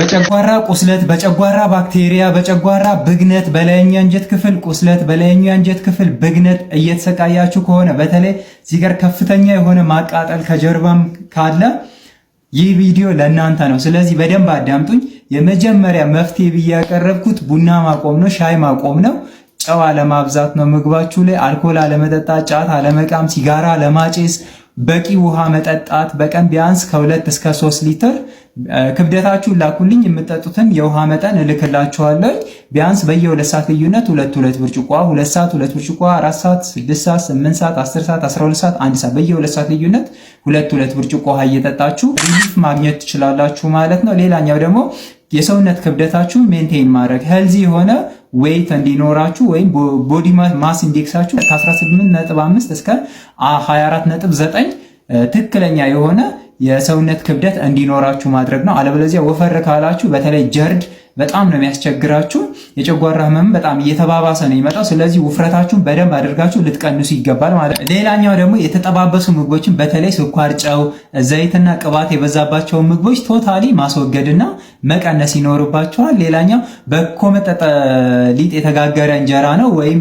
በጨጓራ ቁስለት፣ በጨጓራ ባክቴሪያ፣ በጨጓራ ብግነት፣ በላይኛው አንጀት ክፍል ቁስለት፣ በላይኛው አንጀት ክፍል ብግነት እየተሰቃያችሁ ከሆነ በተለይ ዚገር ከፍተኛ የሆነ ማቃጠል ከጀርባም ካለ ይህ ቪዲዮ ለእናንተ ነው። ስለዚህ በደንብ አዳምጡኝ። የመጀመሪያ መፍትሄ ብዬ ያቀረብኩት ቡና ማቆም ነው፣ ሻይ ማቆም ነው፣ ጨው አለማብዛት ነው ምግባችሁ ላይ፣ አልኮል አለመጠጣት፣ ጫት አለመቃም፣ ሲጋራ አለማጨስ፣ በቂ ውሃ መጠጣት፣ በቀን ቢያንስ ከሁለት እስከ ሶስት ሊትር ክብደታችሁን ላኩልኝ። የምጠጡትን የውሃ መጠን እልክላችኋለሁ። ቢያንስ በየሁለት ሰዓት ልዩነት ሁለት ሁለት ብርጭቆ፣ ሁለት ሰዓት ሁለት ብርጭቆ፣ አራት ሰዓት፣ ስድስት ሰዓት፣ ስምንት ሰዓት፣ አስር ሰዓት፣ አስራ ሁለት ሰዓት፣ አንድ ሰዓት በየሁለት ሰዓት ልዩነት ሁለት ሁለት ብርጭቆ ውሃ እየጠጣችሁ ሪሊፍ ማግኘት ትችላላችሁ ማለት ነው። ሌላኛው ደግሞ የሰውነት ክብደታችሁን ሜንቴን ማድረግ ሄልዚ የሆነ ዌይት እንዲኖራችሁ ወይም ቦዲ ማስ ኢንዴክሳችሁ ከ18.5 እስከ 24.9 ትክክለኛ የሆነ የሰውነት ክብደት እንዲኖራችሁ ማድረግ ነው። አለበለዚያ ወፈር ካላችሁ በተለይ ጀርድ በጣም ነው የሚያስቸግራችሁ። የጨጓራ ህመም በጣም እየተባባሰ ነው የሚመጣው። ስለዚህ ውፍረታችሁን በደንብ አድርጋችሁ ልትቀንሱ ይገባል ማለት ነው። ሌላኛው ደግሞ የተጠባበሱ ምግቦችን በተለይ ስኳር፣ ጨው፣ ዘይትና ቅባት የበዛባቸውን ምግቦች ቶታሊ ማስወገድና መቀነስ ይኖርባቸዋል። ሌላኛው በኮመጠጠ ሊጥ የተጋገረ እንጀራ ነው ወይም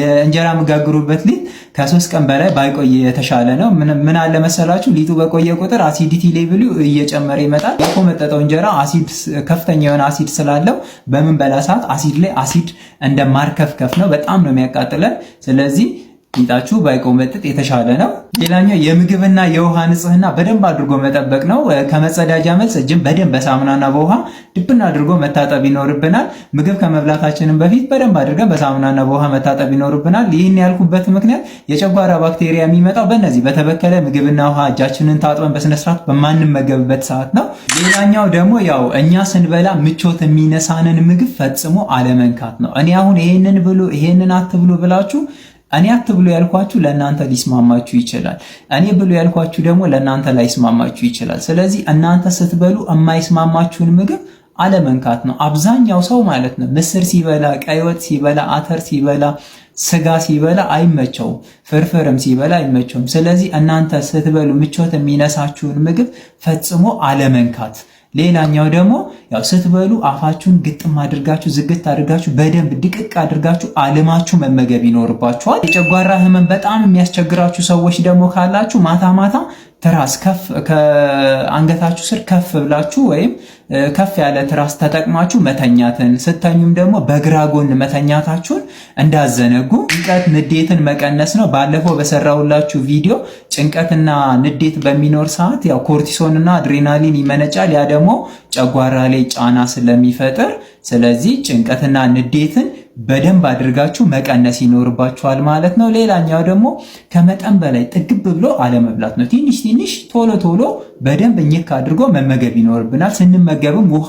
የእንጀራ የምጋግሩበት ሊጥ ከሶስት ቀን በላይ ባይቆይ የተሻለ ነው። ምን አለ መሰላችሁ ሊጡ በቆየ ቁጥር አሲዲቲ ሌብሉ እየጨመረ ይመጣል። የኮመጠጠው እንጀራ አሲድ ከፍተኛ የሆነ አሲድ ስላለው በምንበላ ሰዓት አሲድ ላይ አሲድ እንደ ማርከፍከፍ ነው። በጣም ነው የሚያቃጥለን። ስለዚህ ቂጣችሁ ባይቆመጥጥ የተሻለ ነው። ሌላኛው የምግብና የውሃ ንጽህና በደንብ አድርጎ መጠበቅ ነው። ከመጸዳጃ መልስ እጅን በደንብ በሳሙናና በውሃ ድብና አድርጎ መታጠብ ይኖርብናል። ምግብ ከመብላታችንም በፊት በደንብ አድርገን በሳሙናና በውሃ መታጠብ ይኖርብናል። ይህን ያልኩበት ምክንያት የጨጓራ ባክቴሪያ የሚመጣው በእነዚህ በተበከለ ምግብና ውሃ እጃችንን ታጥበን በስነስርዓት በማንመገብበት ሰዓት ነው። ሌላኛው ደግሞ ያው እኛ ስንበላ ምቾት የሚነሳንን ምግብ ፈጽሞ አለመንካት ነው። እኔ አሁን ይሄንን ብሉ ይሄንን አትብሉ ብላችሁ እኔ ብሎ ያልኳችሁ ለእናንተ ሊስማማችሁ ይችላል። እኔ ብሎ ያልኳችሁ ደግሞ ለእናንተ ላይስማማችሁ ይችላል። ስለዚህ እናንተ ስትበሉ የማይስማማችሁን ምግብ አለመንካት ነው። አብዛኛው ሰው ማለት ነው ምስር ሲበላ፣ ቀይ ወጥ ሲበላ፣ አተር ሲበላ፣ ስጋ ሲበላ አይመቸውም። ፍርፍርም ሲበላ አይመቸውም። ስለዚህ እናንተ ስትበሉ ምቾት የሚነሳችሁን ምግብ ፈጽሞ አለመንካት ሌላኛው ደግሞ ያው ስትበሉ አፋችሁን ግጥም አድርጋችሁ ዝግት አድርጋችሁ በደንብ ድቅቅ አድርጋችሁ አልማችሁ መመገብ ይኖርባችኋል። የጨጓራ ህመም በጣም የሚያስቸግራችሁ ሰዎች ደግሞ ካላችሁ ማታ ማታ ትራስ ከፍ ከአንገታችሁ ስር ከፍ ብላችሁ ወይም ከፍ ያለ ትራስ ተጠቅማችሁ መተኛትን ስተኙም ደግሞ በግራ ጎን መተኛታችሁን እንዳዘነጉ። ጭንቀት ንዴትን መቀነስ ነው። ባለፈው በሰራሁላችሁ ቪዲዮ ጭንቀትና ንዴት በሚኖር ሰዓት ያው ኮርቲሶንና አድሬናሊን ይመነጫል። ያ ደግሞ ደግሞ ጨጓራ ላይ ጫና ስለሚፈጥር፣ ስለዚህ ጭንቀትና ንዴትን በደንብ አድርጋችሁ መቀነስ ይኖርባችኋል ማለት ነው። ሌላኛው ደግሞ ከመጠን በላይ ጥግብ ብሎ አለመብላት ነው። ትንሽ ትንሽ ቶሎ ቶሎ በደንብ እኝክ አድርጎ መመገብ ይኖርብናል። ስንመገብም ውሃ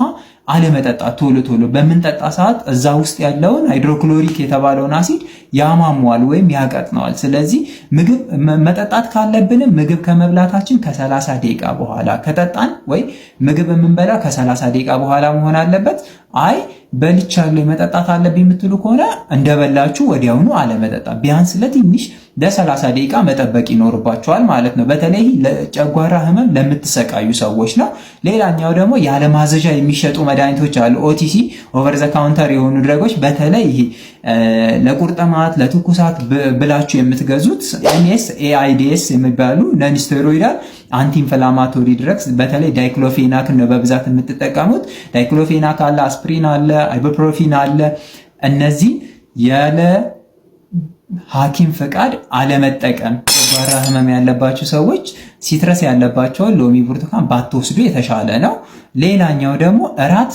አለመጠጣት ቶሎ ቶሎ በምንጠጣ ሰዓት እዛ ውስጥ ያለውን ሃይድሮክሎሪክ የተባለውን አሲድ ያማሟል ወይም ያቀጥነዋል። ስለዚህ ምግብ መጠጣት ካለብንም ምግብ ከመብላታችን ከ30 ደቂቃ በኋላ ከጠጣን ወይ ምግብ የምንበላ 30 ደቂቃ በኋላ መሆን አለበት። አይ በልቻለሁ መጠጣት አለብኝ የምትሉ ከሆነ እንደበላችሁ ወዲያውኑ አለመጠጣት ቢያንስ ለትንሽ ለሰላሳ ደቂቃ መጠበቅ ይኖርባቸዋል ማለት ነው። በተለይ ለጨጓራ ህመም ለምትሰቃዩ ሰዎች ነው። ሌላኛው ደግሞ ያለማዘዣ የሚሸጡ መድኃኒቶች አሉ። ኦቲሲ ኦቨር ዘ ካውንተር የሆኑ ድረጎች በተለይ ይሄ ለቁርጥማት ለትኩሳት ብላችሁ የምትገዙት ኤንኤስ ኤአይዲኤስ የሚባሉ ነንስቴሮይዳል ስቴሮይዳል ድረግስ በተለይ ዳይክሎፌናክ ነው በብዛት የምትጠቀሙት። ዳይክሎፌናክ አለ፣ አስፕሪን አለ፣ አይቦፕሮፊን አለ። እነዚህ ያለ ሐኪም ፈቃድ አለመጠቀም የጨጓራ ህመም ያለባቸው ሰዎች ሲትረስ ያለባቸውን ሎሚ፣ ብርቱካን ባትወስዱ የተሻለ ነው። ሌላኛው ደግሞ እራት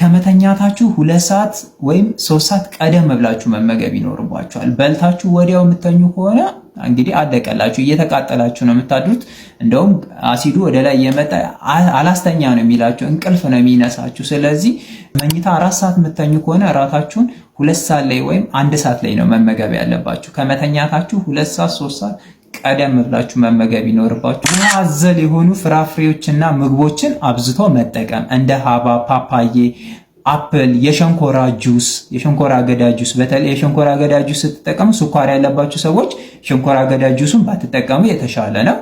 ከመተኛታችሁ ሁለት ሰዓት ወይም ሶስት ሰዓት ቀደም ብላችሁ መመገብ ይኖርባችኋል። በልታችሁ ወዲያው የምተኙ ከሆነ እንግዲህ አለቀላችሁ፣ እየተቃጠላችሁ ነው የምታድሩት። እንደውም አሲዱ ወደ ላይ እየመጣ አላስተኛ ነው የሚላችሁ፣ እንቅልፍ ነው የሚነሳችሁ። ስለዚህ መኝታ አራት ሰዓት የምተኙ ከሆነ እራታችሁን ሁለት ሰዓት ላይ ወይም አንድ ሰዓት ላይ ነው መመገብ ያለባችሁ። ከመተኛታችሁ ሁለት ሰዓት ሶስት ሰዓት ቀደም ብላችሁ መመገብ ይኖርባችሁ። አዘል የሆኑ ፍራፍሬዎችና ምግቦችን አብዝቶ መጠቀም እንደ ሀባ፣ ፓፓዬ፣ አፕል፣ የሸንኮራ ጁስ፣ የሸንኮራ አገዳ ጁስ። በተለይ የሸንኮራ አገዳ ጁስ ስትጠቀሙ ስኳር ያለባችሁ ሰዎች ሸንኮራ አገዳ ጁሱን ባትጠቀሙ የተሻለ ነው።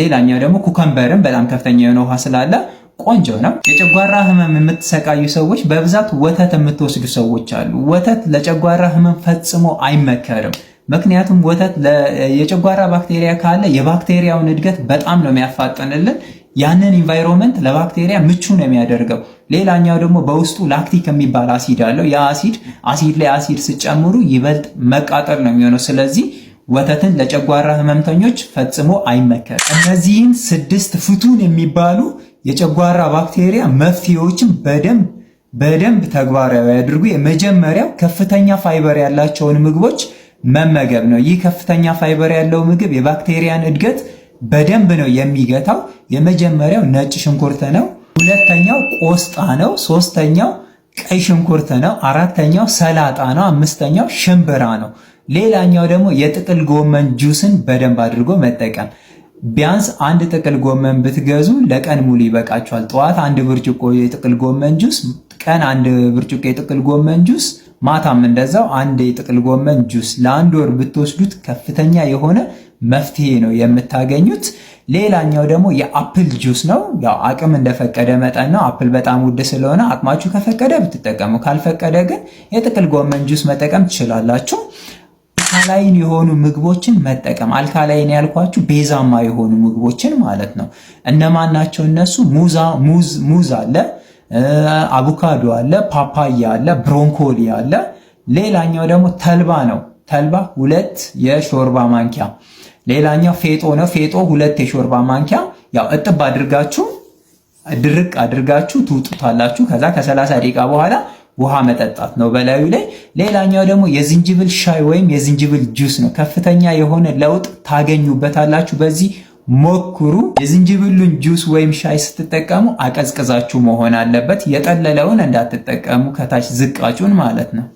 ሌላኛው ደግሞ ኩከምበርም በጣም ከፍተኛ የሆነ ውሃ ስላለ ቆንጆ ነው። የጨጓራ ህመም የምትሰቃዩ ሰዎች በብዛት ወተት የምትወስዱ ሰዎች አሉ። ወተት ለጨጓራ ህመም ፈጽሞ አይመከርም። ምክንያቱም ወተት የጨጓራ ባክቴሪያ ካለ የባክቴሪያውን እድገት በጣም ነው የሚያፋጥንልን። ያንን ኢንቫይሮንመንት ለባክቴሪያ ምቹ ነው የሚያደርገው። ሌላኛው ደግሞ በውስጡ ላክቲክ የሚባል አሲድ አለው። ያ አሲድ አሲድ ላይ አሲድ ስጨምሩ ይበልጥ መቃጠል ነው የሚሆነው። ስለዚህ ወተትን ለጨጓራ ህመምተኞች ፈጽሞ አይመከርም። እነዚህን ስድስት ፍቱን የሚባሉ የጨጓራ ባክቴሪያ መፍትሄዎችን በደንብ በደንብ ተግባራዊ ያድርጉ። የመጀመሪያው ከፍተኛ ፋይበር ያላቸውን ምግቦች መመገብ ነው። ይህ ከፍተኛ ፋይበር ያለው ምግብ የባክቴሪያን እድገት በደንብ ነው የሚገታው። የመጀመሪያው ነጭ ሽንኩርት ነው። ሁለተኛው ቆስጣ ነው። ሶስተኛው ቀይ ሽንኩርት ነው። አራተኛው ሰላጣ ነው። አምስተኛው ሽምብራ ነው። ሌላኛው ደግሞ የጥቅል ጎመን ጁስን በደንብ አድርጎ መጠቀም። ቢያንስ አንድ ጥቅል ጎመን ብትገዙ ለቀን ሙሉ ይበቃቸዋል። ጠዋት አንድ ብርጭቆ የጥቅል ጎመን ጁስ፣ ቀን አንድ ብርጭቆ የጥቅል ጎመን ጁስ ማታም እንደዛው አንድ የጥቅል ጎመን ጁስ ለአንድ ወር ብትወስዱት ከፍተኛ የሆነ መፍትሄ ነው የምታገኙት። ሌላኛው ደግሞ የአፕል ጁስ ነው። ያው አቅም እንደፈቀደ መጠን ነው። አፕል በጣም ውድ ስለሆነ አቅማችሁ ከፈቀደ ብትጠቀሙ፣ ካልፈቀደ ግን የጥቅል ጎመን ጁስ መጠቀም ትችላላችሁ። አልካላይን የሆኑ ምግቦችን መጠቀም አልካላይን ያልኳችሁ ቤዛማ የሆኑ ምግቦችን ማለት ነው። እነማን ናቸው እነሱ? ሙዝ ሙዝ አለ አቮካዶ አለ፣ ፓፓያ አለ፣ ብሮንኮሊ አለ። ሌላኛው ደግሞ ተልባ ነው። ተልባ ሁለት የሾርባ ማንኪያ። ሌላኛው ፌጦ ነው። ፌጦ ሁለት የሾርባ ማንኪያ። ያው እጥብ አድርጋችሁ ድርቅ አድርጋችሁ ትውጡታላችሁ። ከዛ ከ30 ደቂቃ በኋላ ውሃ መጠጣት ነው በላዩ ላይ። ሌላኛው ደግሞ የዝንጅብል ሻይ ወይም የዝንጅብል ጁስ ነው። ከፍተኛ የሆነ ለውጥ ታገኙበታላችሁ በዚህ ሞክሩ። የዝንጅብሉን ጁስ ወይም ሻይ ስትጠቀሙ አቀዝቅዛችሁ መሆን አለበት። የጠለለውን እንዳትጠቀሙ፣ ከታች ዝቃጩን ማለት ነው።